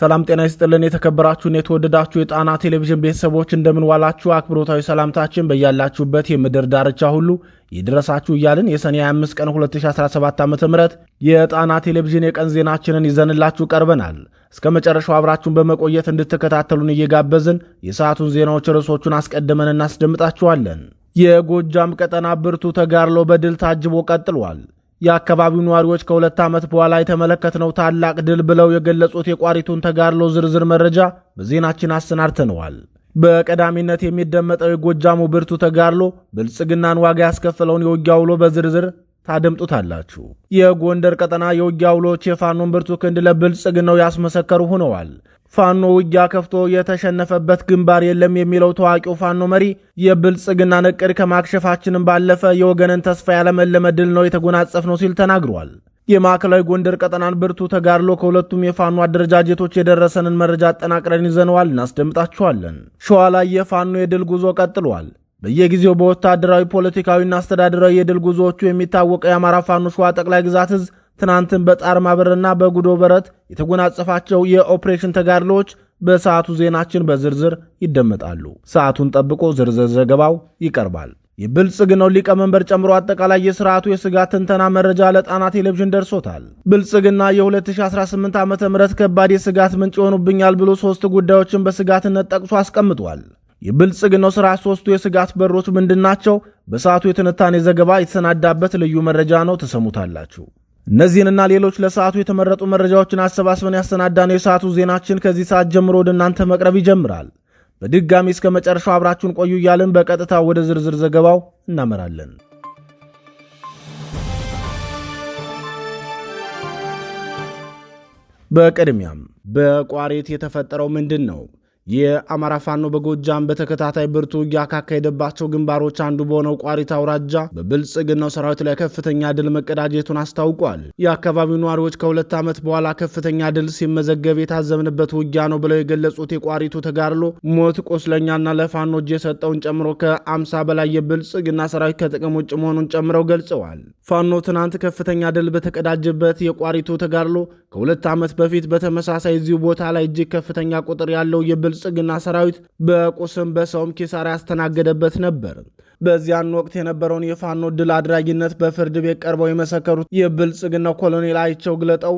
ሰላም ጤና ይስጥልን። የተከበራችሁን የተወደዳችሁ የጣና ቴሌቪዥን ቤተሰቦች እንደምንዋላችሁ፣ አክብሮታዊ ሰላምታችን በያላችሁበት የምድር ዳርቻ ሁሉ ይድረሳችሁ እያልን የሰኔ 25 ቀን 2017 ዓ ም የጣና ቴሌቪዥን የቀን ዜናችንን ይዘንላችሁ ቀርበናል። እስከ መጨረሻው አብራችሁን በመቆየት እንድትከታተሉን እየጋበዝን የሰዓቱን ዜናዎች ርዕሶቹን አስቀድመን እናስደምጣችኋለን። የጎጃም ቀጠና ብርቱ ተጋድሎ በድል ታጅቦ ቀጥሏል። የአካባቢው ነዋሪዎች ከሁለት ዓመት በኋላ የተመለከትነው ታላቅ ድል ብለው የገለጹት የቋሪቱን ተጋድሎ ዝርዝር መረጃ በዜናችን አሰናድተነዋል። በቀዳሚነት የሚደመጠው የጎጃሙ ብርቱ ተጋድሎ ብልጽግናን ዋጋ ያስከፈለውን የውጊያ ውሎ በዝርዝር ታደምጡታላችሁ። የጎንደር ቀጠና የውጊያ ውሎች የፋኖን ብርቱ ክንድ ለብልጽግናው ያስመሰከሩ ሆነዋል። ፋኖ ውጊያ ከፍቶ የተሸነፈበት ግንባር የለም የሚለው ታዋቂው ፋኖ መሪ የብልጽግና እቅድ ከማክሸፋችንም ባለፈ የወገንን ተስፋ ያለመለመ ድል ነው የተጎናጸፍ ነው ሲል ተናግሯል። የማዕከላዊ ጎንደር ቀጠናን ብርቱ ተጋድሎ ከሁለቱም የፋኖ አደረጃጀቶች የደረሰንን መረጃ አጠናቅረን ይዘነዋል፣ እናስደምጣችኋለን። ሸዋ ላይ የፋኖ የድል ጉዞ ቀጥሏል። በየጊዜው በወታደራዊ ፖለቲካዊና አስተዳደራዊ የድል ጉዞዎቹ የሚታወቀው የአማራ ፋኖ ሸዋ ጠቅላይ ግዛት ህዝብ ትናንትን በጣርማ በርና በጉዶ በረት የተጎናጸፋቸው የኦፕሬሽን ተጋድሎዎች በሰዓቱ ዜናችን በዝርዝር ይደመጣሉ። ሰዓቱን ጠብቆ ዝርዝር ዘገባው ይቀርባል። የብልጽግናው ሊቀመንበር ጨምሮ አጠቃላይ የስርዓቱ የስጋት ትንተና መረጃ ለጣና ቴሌቪዥን ደርሶታል። ብልጽግና የ2018 ዓ ም ከባድ የስጋት ምንጭ ይሆኑብኛል ብሎ ሦስት ጉዳዮችን በስጋትነት ጠቅሶ አስቀምጧል። የብልጽግናው ስርዓት ሶስቱ የስጋት በሮች ምንድናቸው? በሰዓቱ የትንታኔ ዘገባ የተሰናዳበት ልዩ መረጃ ነው። ተሰሙታላችሁ። እነዚህንና ሌሎች ለሰዓቱ የተመረጡ መረጃዎችን አሰባስበን ያሰናዳነው የሰዓቱ ዜናችን ከዚህ ሰዓት ጀምሮ ወደ እናንተ መቅረብ ይጀምራል። በድጋሚ እስከ መጨረሻው አብራችሁን ቆዩ እያልን በቀጥታ ወደ ዝርዝር ዘገባው እናመራለን። በቅድሚያም በቋሪት የተፈጠረው ምንድን ነው? የአማራ ፋኖ በጎጃም በተከታታይ ብርቱ ውጊያ ካካሄደባቸው ግንባሮች አንዱ በሆነው ቋሪት አውራጃ በብልጽግናው ሰራዊት ላይ ከፍተኛ ድል መቀዳጀቱን አስታውቋል። የአካባቢው ነዋሪዎች ከሁለት ዓመት በኋላ ከፍተኛ ድል ሲመዘገብ የታዘብንበት ውጊያ ነው ብለው የገለጹት የቋሪቱ ተጋድሎ ሞት፣ ቆስለኛና ለፋኖ እጅ የሰጠውን ጨምሮ ከአምሳ በላይ የብልጽግና ሰራዊት ከጥቅም ውጭ መሆኑን ጨምረው ገልጸዋል። ፋኖ ትናንት ከፍተኛ ድል በተቀዳጀበት የቋሪቱ ተጋድሎ ከሁለት ዓመት በፊት በተመሳሳይ እዚሁ ቦታ ላይ እጅግ ከፍተኛ ቁጥር ያለው የብልጽግና ሰራዊት በቁስም በሰውም ኪሳራ ያስተናገደበት ነበር። በዚያን ወቅት የነበረውን የፋኖ ድል አድራጊነት በፍርድ ቤት ቀርበው የመሰከሩት የብልጽግና ኮሎኔል አይቸው ግለጠው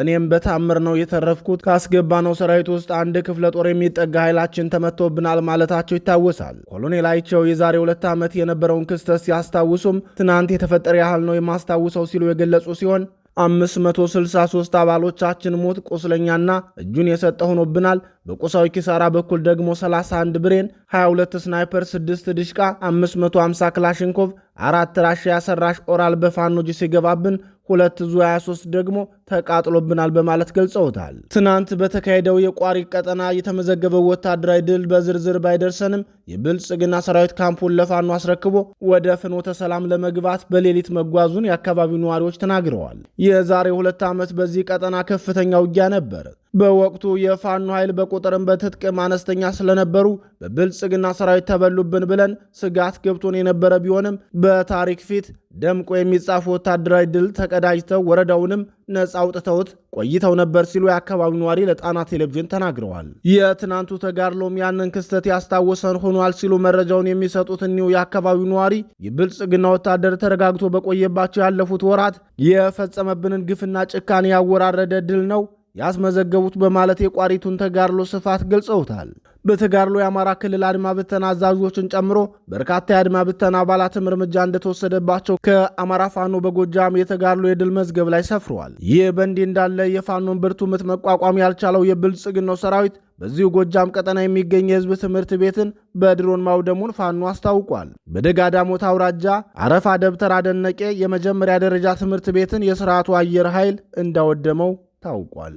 እኔም በታምር ነው የተረፍኩት። ካስገባነው ሰራዊት ውስጥ አንድ ክፍለ ጦር የሚጠጋ ኃይላችን ተመቶብናል ማለታቸው ይታወሳል። ኮሎኔላቸው የዛሬ ሁለት ዓመት የነበረውን ክስተት ሲያስታውሱም ትናንት የተፈጠረ ያህል ነው የማስታውሰው ሲሉ የገለጹ ሲሆን 563 አባሎቻችን ሞት፣ ቁስለኛና እጁን የሰጠ ሆኖብናል። በቁሳዊ ኪሳራ በኩል ደግሞ 31 ብሬን፣ 22 ስናይፐር፣ 6 ድሽቃ፣ 550 ክላሽንኮቭ፣ አራት ራሻ ያሰራሽ ኦራል በፋኖጂ ሲገባብን ሁለት ዙ 23 ደግሞ ተቃጥሎብናል በማለት ገልጸውታል። ትናንት በተካሄደው የቋሪ ቀጠና የተመዘገበው ወታደራዊ ድል በዝርዝር ባይደርሰንም የብልጽግና ሰራዊት ካምፑን ለፋኖ አስረክቦ ወደ ፍኖተ ሰላም ለመግባት በሌሊት መጓዙን የአካባቢው ነዋሪዎች ተናግረዋል። የዛሬ ሁለት ዓመት በዚህ ቀጠና ከፍተኛ ውጊያ ነበር። በወቅቱ የፋኖ ኃይል በቁጥርም በትጥቅም አነስተኛ ስለነበሩ በብልጽግና ሰራዊት ተበሉብን ብለን ስጋት ገብቶን የነበረ ቢሆንም በታሪክ ፊት ደምቆ የሚጻፉ ወታደራዊ ድል ተቀዳጅተው ወረዳውንም ነጻ አውጥተውት ቆይተው ነበር ሲሉ የአካባቢው ነዋሪ ለጣና ቴሌቪዥን ተናግረዋል። የትናንቱ ተጋድሎም ያንን ክስተት ያስታወሰን ሆኗል ሲሉ መረጃውን የሚሰጡት እኒሁ የአካባቢው ነዋሪ የብልጽግና ወታደር ተረጋግቶ በቆየባቸው ያለፉት ወራት የፈጸመብንን ግፍና ጭካኔ ያወራረደ ድል ነው ያስመዘገቡት በማለት የቋሪቱን ተጋድሎ ስፋት ገልጸውታል። በተጋድሎ የአማራ ክልል አድማ ብተና አዛዦችን ጨምሮ በርካታ የአድማ ብተና አባላትም እርምጃ እንደተወሰደባቸው ከአማራ ፋኖ በጎጃም የተጋድሎ የድል መዝገብ ላይ ሰፍረዋል። ይህ በእንዲህ እንዳለ የፋኖን ብርቱ ምት መቋቋም ያልቻለው የብልጽግናው ሰራዊት በዚሁ ጎጃም ቀጠና የሚገኝ የህዝብ ትምህርት ቤትን በድሮን ማውደሙን ፋኖ አስታውቋል። በደጋዳሞት አውራጃ አረፋ ደብተር አደነቄ የመጀመሪያ ደረጃ ትምህርት ቤትን የስርዓቱ አየር ኃይል እንዳወደመው ታውቋል።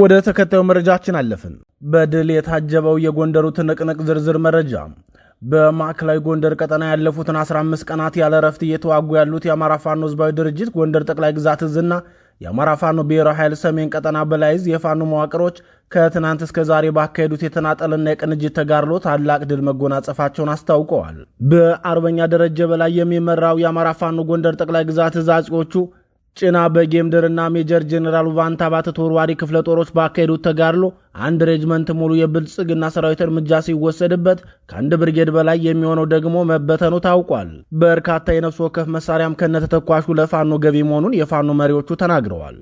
ወደ ተከታዩ መረጃችን አለፍን። በድል የታጀበው የጎንደሩ ትንቅንቅ ዝርዝር መረጃ በማዕከላዊ ጎንደር ቀጠና ያለፉትን 15 ቀናት ያለ እረፍት እየተዋጉ ያሉት የአማራ ፋኖ ህዝባዊ ድርጅት ጎንደር ጠቅላይ ግዛት እዝና የአማራ ፋኖ ብሔራዊ ኃይል ሰሜን ቀጠና በላይዝ የፋኖ መዋቅሮች ከትናንት እስከ ዛሬ ባካሄዱት የተናጠልና የቅንጅት ተጋድሎ ታላቅ ድል መጎናጸፋቸውን አስታውቀዋል። በአርበኛ ደረጀ በላይ የሚመራው የአማራ ፋኖ ጎንደር ጠቅላይ ግዛት እዝ ጭና በጌምድርና ሜጀር ጄኔራል ቫንታ ባተ ተወርዋሪ ክፍለ ጦሮች ባካሄዱት ተጋድሎ አንድ ሬጅመንት ሙሉ የብልጽግና ሰራዊት እርምጃ ሲወሰድበት ከአንድ ብርጌድ በላይ የሚሆነው ደግሞ መበተኑ ታውቋል። በርካታ የነፍስ ወከፍ መሳሪያም ከነተተኳሹ ለፋኖ ገቢ መሆኑን የፋኖ መሪዎቹ ተናግረዋል።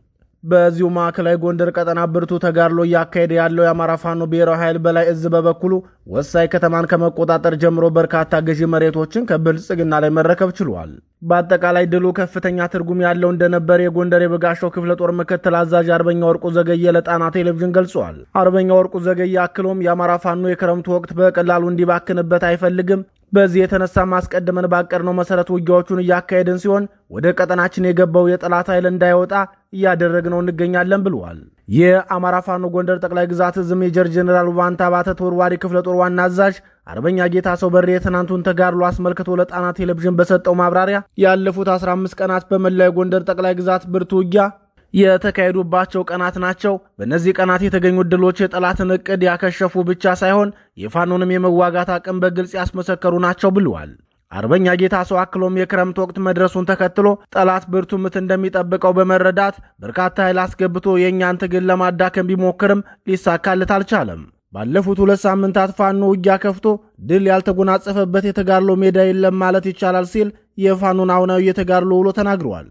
በዚሁ ማዕከላዊ ጎንደር ቀጠና ብርቱ ተጋድሎ እያካሄደ ያለው የአማራ ፋኖ ብሔራዊ ኃይል በላይ እዝ በበኩሉ ወሳኝ ከተማን ከመቆጣጠር ጀምሮ በርካታ ገዢ መሬቶችን ከብልጽግና ላይ መረከብ ችሏል። በአጠቃላይ ድሉ ከፍተኛ ትርጉም ያለው እንደነበር የጎንደር የበጋሻው ክፍለ ጦር ምክትል አዛዥ አርበኛ ወርቁ ዘገየ ለጣና ቴሌቪዥን ገልጿል። አርበኛ ወርቁ ዘገየ አክሎም የአማራ ፋኖ የክረምቱ ወቅት በቀላሉ እንዲባክንበት አይፈልግም፣ በዚህ የተነሳ ማስቀድመን ባቀድነው መሰረት ውጊያዎቹን እያካሄድን ሲሆን ወደ ቀጠናችን የገባው የጠላት ኃይል እንዳይወጣ እያደረግነው እንገኛለን ብለዋል። የአማራ ፋኖ ጎንደር ጠቅላይ ግዛት እዝ ሜጀር ጀኔራል ዋንታ ባተ ተወርዋሪ ክፍለ ጦር ዋና አዛዥ አርበኛ ጌታ ሰው በሬ የትናንቱን ተጋድሎ አስመልክቶ ለጣና ቴሌቪዥን በሰጠው ማብራሪያ ያለፉት 15 ቀናት በመላው የጎንደር ጠቅላይ ግዛት ብርቱ ውጊያ የተካሄዱባቸው ቀናት ናቸው። በእነዚህ ቀናት የተገኙ ድሎች የጠላትን እቅድ ያከሸፉ ብቻ ሳይሆን የፋኖንም የመዋጋት አቅም በግልጽ ያስመሰከሩ ናቸው ብለዋል። አርበኛ ጌታ ሰው አክሎም የክረምት ወቅት መድረሱን ተከትሎ ጠላት ብርቱ ምት እንደሚጠብቀው በመረዳት በርካታ ኃይል አስገብቶ የእኛን ትግል ለማዳከም ቢሞክርም ሊሳካለት አልቻለም። ባለፉት ሁለት ሳምንታት ፋኖ ውጊያ ከፍቶ ድል ያልተጎናጸፈበት የተጋድሎ ሜዳ የለም ማለት ይቻላል ሲል የፋኖን አሁናዊ የተጋድሎ ውሎ ተናግረዋል።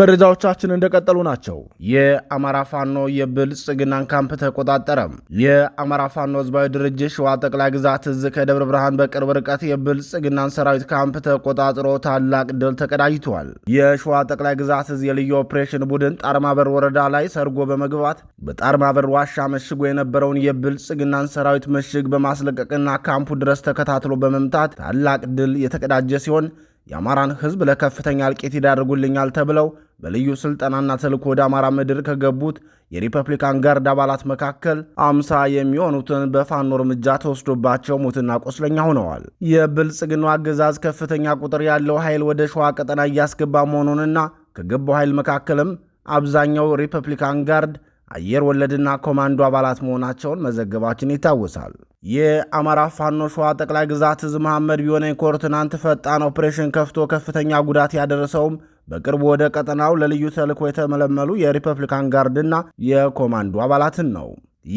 መረጃዎቻችን እንደቀጠሉ ናቸው። የአማራ ፋኖ የብልጽግናን ካምፕ ተቆጣጠረም። የአማራ ፋኖ ህዝባዊ ድርጅት ሸዋ ጠቅላይ ግዛት እዝ ከደብረ ብርሃን በቅርብ ርቀት የብልጽግናን ሰራዊት ካምፕ ተቆጣጥሮ ታላቅ ድል ተቀዳጅቷል። የሸዋ ጠቅላይ ግዛት እዝ የልዩ ኦፕሬሽን ቡድን ጣርማበር ወረዳ ላይ ሰርጎ በመግባት በጣርማበር ዋሻ መሽጎ የነበረውን የብልጽግናን ሰራዊት ምሽግ በማስለቀቅና ካምፑ ድረስ ተከታትሎ በመምታት ታላቅ ድል የተቀዳጀ ሲሆን የአማራን ህዝብ ለከፍተኛ እልቂት ይዳርጉልኛል ተብለው በልዩ ስልጠናና ተልእኮ ወደ አማራ ምድር ከገቡት የሪፐብሊካን ጋርድ አባላት መካከል አምሳ የሚሆኑትን በፋኖ እርምጃ ተወስዶባቸው ሞትና ቆስለኛ ሆነዋል። የብልጽግናው አገዛዝ ከፍተኛ ቁጥር ያለው ኃይል ወደ ሸዋ ቀጠና እያስገባ መሆኑንና ከገባው ኃይል መካከልም አብዛኛው ሪፐብሊካን ጋርድ አየር ወለድና ኮማንዶ አባላት መሆናቸውን መዘገባችን ይታወሳል። የአማራ ፋኖ ሸዋ ጠቅላይ ግዛት እዝ መሐመድ ቢሆነኝ ኮር ትናንት ፈጣን ኦፕሬሽን ከፍቶ ከፍተኛ ጉዳት ያደረሰውም በቅርቡ ወደ ቀጠናው ለልዩ ተልእኮ የተመለመሉ የሪፐብሊካን ጋርድና የኮማንዶ አባላትን ነው።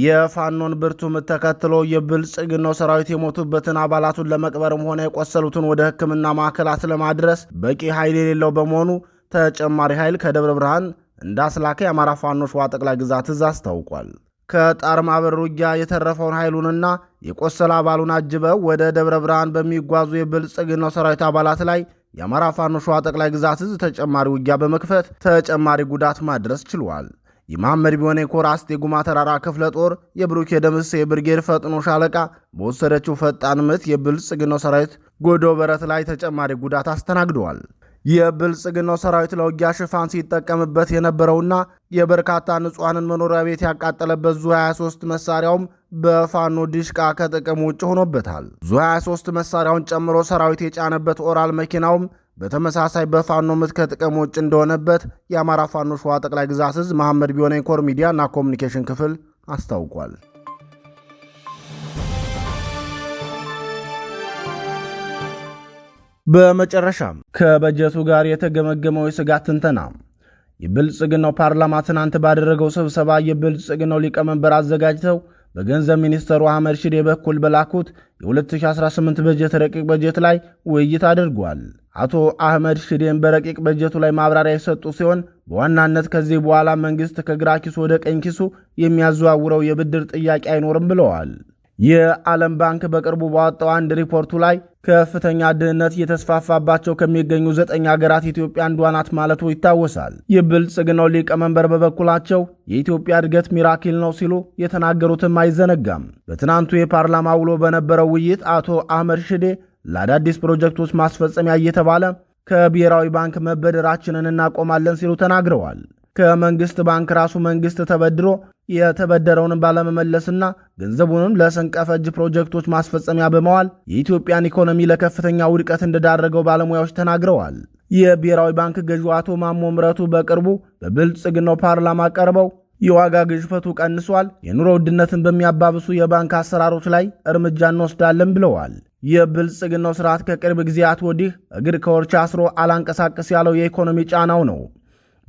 የፋኖን ብርቱ ምት ተከትሎ የብልጽግናው ሰራዊት የሞቱበትን አባላቱን ለመቅበርም ሆነ የቆሰሉትን ወደ ሕክምና ማዕከላት ለማድረስ በቂ ኃይል የሌለው በመሆኑ ተጨማሪ ኃይል ከደብረ ብርሃን እንዳስላከ የአማራ ፋኖ ሸዋ ጠቅላይ ግዛት እዝ አስታውቋል። ከጣር ማበር ውጊያ የተረፈውን ኃይሉንና የቆሰለ አባሉን አጅበው ወደ ደብረ ብርሃን በሚጓዙ የብልጽግናው ሰራዊት አባላት ላይ የአማራ ፋኖ ሸዋ ጠቅላይ ግዛት እዝ ተጨማሪ ውጊያ በመክፈት ተጨማሪ ጉዳት ማድረስ ችሏል። የመሐመድ ቢሆነ ኮራስት የጉማ ተራራ ክፍለ ጦር የብሩክ የደምስ የብርጌድ ፈጥኖ ሻለቃ በወሰደችው ፈጣን ምት የብልጽግናው ሰራዊት ጎዶ በረት ላይ ተጨማሪ ጉዳት አስተናግደዋል። የብልጽግናው ሰራዊት ለውጊያ ሽፋን ሲጠቀምበት የነበረውና የበርካታ ንጹሐንን መኖሪያ ቤት ያቃጠለበት ዙ 23 መሳሪያውም በፋኖ ዲሽቃ ከጥቅም ውጭ ሆኖበታል። ዙ 23 መሳሪያውን ጨምሮ ሰራዊት የጫነበት ኦራል መኪናውም በተመሳሳይ በፋኖ ምት ከጥቅም ውጭ እንደሆነበት የአማራ ፋኖ ሸዋ ጠቅላይ ግዛት እዝ መሐመድ ቢሆነኝ ኮር ሚዲያና ኮሚኒኬሽን ክፍል አስታውቋል። በመጨረሻም ከበጀቱ ጋር የተገመገመው የስጋት ትንተና የብልጽግናው ፓርላማ ትናንት ባደረገው ስብሰባ የብልጽግናው ሊቀመንበር አዘጋጅተው በገንዘብ ሚኒስተሩ አህመድ ሽዴ በኩል በላኩት የ2018 በጀት ረቂቅ በጀት ላይ ውይይት አድርጓል። አቶ አህመድ ሽዴን በረቂቅ በጀቱ ላይ ማብራሪያ የሰጡ ሲሆን በዋናነት ከዚህ በኋላ መንግሥት ከግራ ኪሱ ወደ ቀኝ ኪሱ የሚያዘዋውረው የብድር ጥያቄ አይኖርም ብለዋል። የዓለም ባንክ በቅርቡ ባወጣው አንድ ሪፖርቱ ላይ ከፍተኛ ድህነት እየተስፋፋባቸው ከሚገኙ ዘጠኝ ሀገራት ኢትዮጵያ አንዷ ናት ማለቱ ይታወሳል። የብልጽግናው ሊቀመንበር በበኩላቸው የኢትዮጵያ እድገት ሚራኪል ነው ሲሉ የተናገሩትም አይዘነጋም። በትናንቱ የፓርላማ ውሎ በነበረው ውይይት አቶ አህመድ ሽዴ ለአዳዲስ ፕሮጀክቶች ማስፈጸሚያ እየተባለ ከብሔራዊ ባንክ መበደራችንን እናቆማለን ሲሉ ተናግረዋል። ከመንግስት ባንክ ራሱ መንግስት ተበድሮ የተበደረውንም ባለመመለስና ገንዘቡንም ለሰንቀፈጅ ፕሮጀክቶች ማስፈጸሚያ በመዋል የኢትዮጵያን ኢኮኖሚ ለከፍተኛ ውድቀት እንደዳረገው ባለሙያዎች ተናግረዋል። የብሔራዊ ባንክ ገዢው አቶ ማሞ ምረቱ በቅርቡ በብልጽግናው ፓርላማ ቀርበው የዋጋ ግሽበቱ ቀንሷል፣ የኑሮ ውድነትን በሚያባብሱ የባንክ አሰራሮች ላይ እርምጃ እንወስዳለን ብለዋል። የብልጽግናው ስርዓት ከቅርብ ጊዜያት ወዲህ እግር ከወርቻ አስሮ አላንቀሳቀስ ያለው የኢኮኖሚ ጫናው ነው።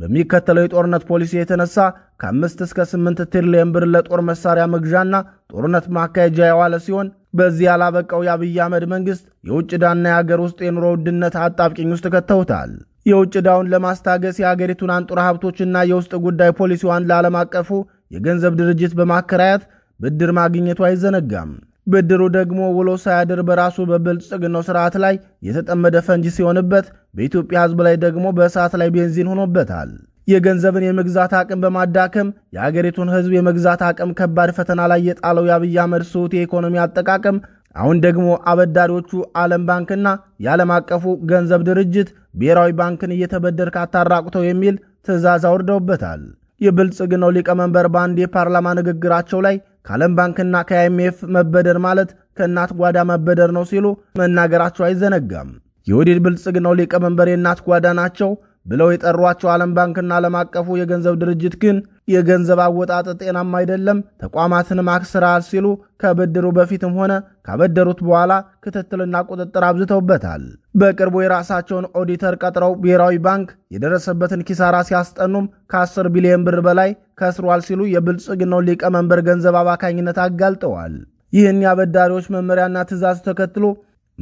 በሚከተለው የጦርነት ፖሊሲ የተነሳ ከአምስት እስከ ስምንት ትሪሊየን ብር ለጦር መሳሪያ መግዣና ጦርነት ማካሄጃ የዋለ ሲሆን በዚህ ያላበቃው የአብይ አህመድ መንግስት የውጭ ዕዳና የአገር ውስጥ የኑሮ ውድነት አጣብቂኝ ውስጥ ከተውታል። የውጭ ዕዳውን ለማስታገስ የአገሪቱን አንጡራ ሀብቶችና የውስጥ ጉዳይ ፖሊሲዋን ለዓለም አቀፉ የገንዘብ ድርጅት በማከራየት ብድር ማግኘቱ አይዘነጋም። ብድሩ ደግሞ ውሎ ሳያድር በራሱ በብልጽግናው ስርዓት ላይ የተጠመደ ፈንጂ ሲሆንበት በኢትዮጵያ ሕዝብ ላይ ደግሞ በእሳት ላይ ቤንዚን ሆኖበታል። የገንዘብን የመግዛት አቅም በማዳከም የአገሪቱን ሕዝብ የመግዛት አቅም ከባድ ፈተና ላይ የጣለው የአብይ አህመድ የኢኮኖሚ አጠቃቀም አሁን ደግሞ አበዳሪዎቹ ዓለም ባንክና የዓለም አቀፉ ገንዘብ ድርጅት ብሔራዊ ባንክን እየተበደር ካታራቁተው የሚል ትዕዛዝ አውርደውበታል። የብልጽግናው ሊቀመንበር በአንድ የፓርላማ ንግግራቸው ላይ ከዓለም ባንክና ከአይኤምኤፍ መበደር ማለት ከእናት ጓዳ መበደር ነው ሲሉ መናገራቸው አይዘነጋም። የወዲድ ብልጽግናው ሊቀመንበር የእናት ጓዳ ናቸው ብለው የጠሯቸው ዓለም ባንክና ዓለም አቀፉ የገንዘብ ድርጅት ግን የገንዘብ አወጣጥ ጤናም አይደለም፣ ተቋማትን ማክስራል ሲሉ ከብድሩ በፊትም ሆነ ካበደሩት በኋላ ክትትልና ቁጥጥር አብዝተውበታል። በቅርቡ የራሳቸውን ኦዲተር ቀጥረው ብሔራዊ ባንክ የደረሰበትን ኪሳራ ሲያስጠኑም ከ10 ቢሊዮን ብር በላይ ከስሯል ሲሉ የብልጽግናው ሊቀመንበር ገንዘብ አባካኝነት አጋልጠዋል። ይህን የአበዳሪዎች መመሪያና ትዕዛዝ ተከትሎ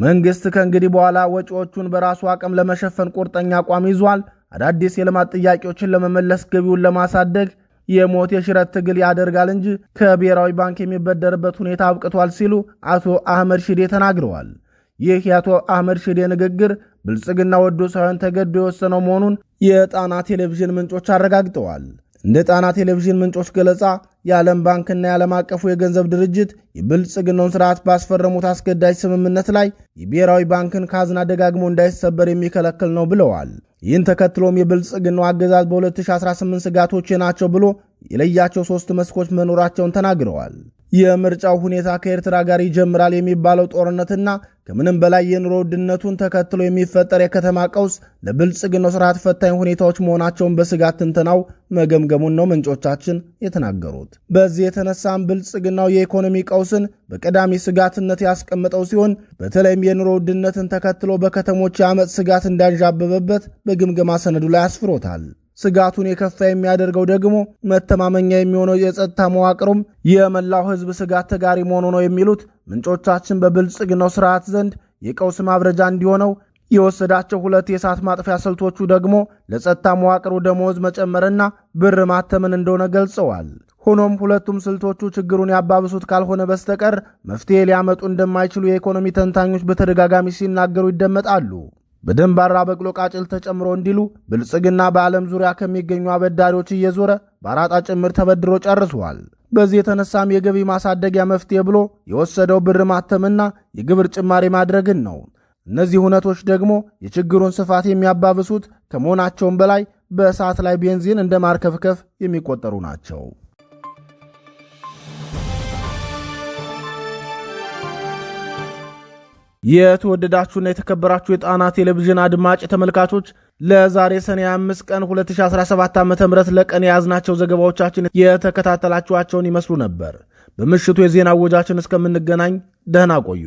መንግሥት ከእንግዲህ በኋላ ወጪዎቹን በራሱ አቅም ለመሸፈን ቁርጠኛ አቋም ይዟል። አዳዲስ የልማት ጥያቄዎችን ለመመለስ ገቢውን ለማሳደግ የሞት የሽረት ትግል ያደርጋል እንጂ ከብሔራዊ ባንክ የሚበደርበት ሁኔታ አብቅቷል ሲሉ አቶ አህመድ ሽዴ ተናግረዋል። ይህ የአቶ አህመድ ሽዴ ንግግር ብልጽግና ወዶ ሳይሆን ተገዶ የወሰነው መሆኑን የጣና ቴሌቪዥን ምንጮች አረጋግጠዋል። እንደ ጣና ቴሌቪዥን ምንጮች ገለጻ የዓለም ባንክና የዓለም አቀፉ የገንዘብ ድርጅት የብልጽግናውን ስርዓት ባስፈረሙት አስገዳጅ ስምምነት ላይ የብሔራዊ ባንክን ካዝና ደጋግሞ እንዳይሰበር የሚከለክል ነው ብለዋል። ይህን ተከትሎም የብልጽግናው አገዛዝ በ2018 ስጋቶች ናቸው ብሎ የለያቸው ሶስት መስኮች መኖራቸውን ተናግረዋል። የምርጫው ሁኔታ ከኤርትራ ጋር ይጀምራል የሚባለው ጦርነትና ከምንም በላይ የኑሮ ውድነቱን ተከትሎ የሚፈጠር የከተማ ቀውስ ለብልጽግናው ስርዓት ፈታኝ ሁኔታዎች መሆናቸውን በስጋት ትንተናው መገምገሙን ነው ምንጮቻችን የተናገሩት። በዚህ የተነሳም ብልጽግናው የኢኮኖሚ ቀውስን በቀዳሚ ስጋትነት ያስቀመጠው ሲሆን በተለይም የኑሮ ውድነትን ተከትሎ በከተሞች የአመፅ ስጋት እንዳንዣበበበት በግምገማ ሰነዱ ላይ አስፍሮታል። ስጋቱን የከፋ የሚያደርገው ደግሞ መተማመኛ የሚሆነው የጸጥታ መዋቅሩም የመላው ህዝብ ስጋት ተጋሪ መሆኑ ነው የሚሉት ምንጮቻችን በብልጽግናው ስርዓት ዘንድ የቀውስ ማብረጃ እንዲሆነው የወሰዳቸው ሁለት የእሳት ማጥፊያ ስልቶቹ ደግሞ ለጸጥታ መዋቅሩ ደሞዝ መጨመርና ብር ማተምን እንደሆነ ገልጸዋል። ሆኖም ሁለቱም ስልቶቹ ችግሩን ያባብሱት ካልሆነ በስተቀር መፍትሄ ሊያመጡ እንደማይችሉ የኢኮኖሚ ተንታኞች በተደጋጋሚ ሲናገሩ ይደመጣሉ። በደንባራ በቅሎ ቃጭል ተጨምሮ እንዲሉ ብልጽግና በዓለም ዙሪያ ከሚገኙ አበዳሪዎች እየዞረ በአራጣ ጭምር ተበድሮ ጨርሷል። በዚህ የተነሳም የገቢ ማሳደጊያ መፍትሄ ብሎ የወሰደው ብር ማተምና የግብር ጭማሪ ማድረግን ነው። እነዚህ እውነቶች ደግሞ የችግሩን ስፋት የሚያባብሱት ከመሆናቸውም በላይ በእሳት ላይ ቤንዚን እንደ ማርከፍከፍ የሚቆጠሩ ናቸው። የተወደዳችሁና የተከበራችሁ የጣና ቴሌቪዥን አድማጭ ተመልካቾች ለዛሬ ሰኔ 5 ቀን 2017 ዓ ም ለቀን የያዝናቸው ዘገባዎቻችን የተከታተላችኋቸውን ይመስሉ ነበር። በምሽቱ የዜና ወጃችን እስከምንገናኝ ደህና ቆዩ።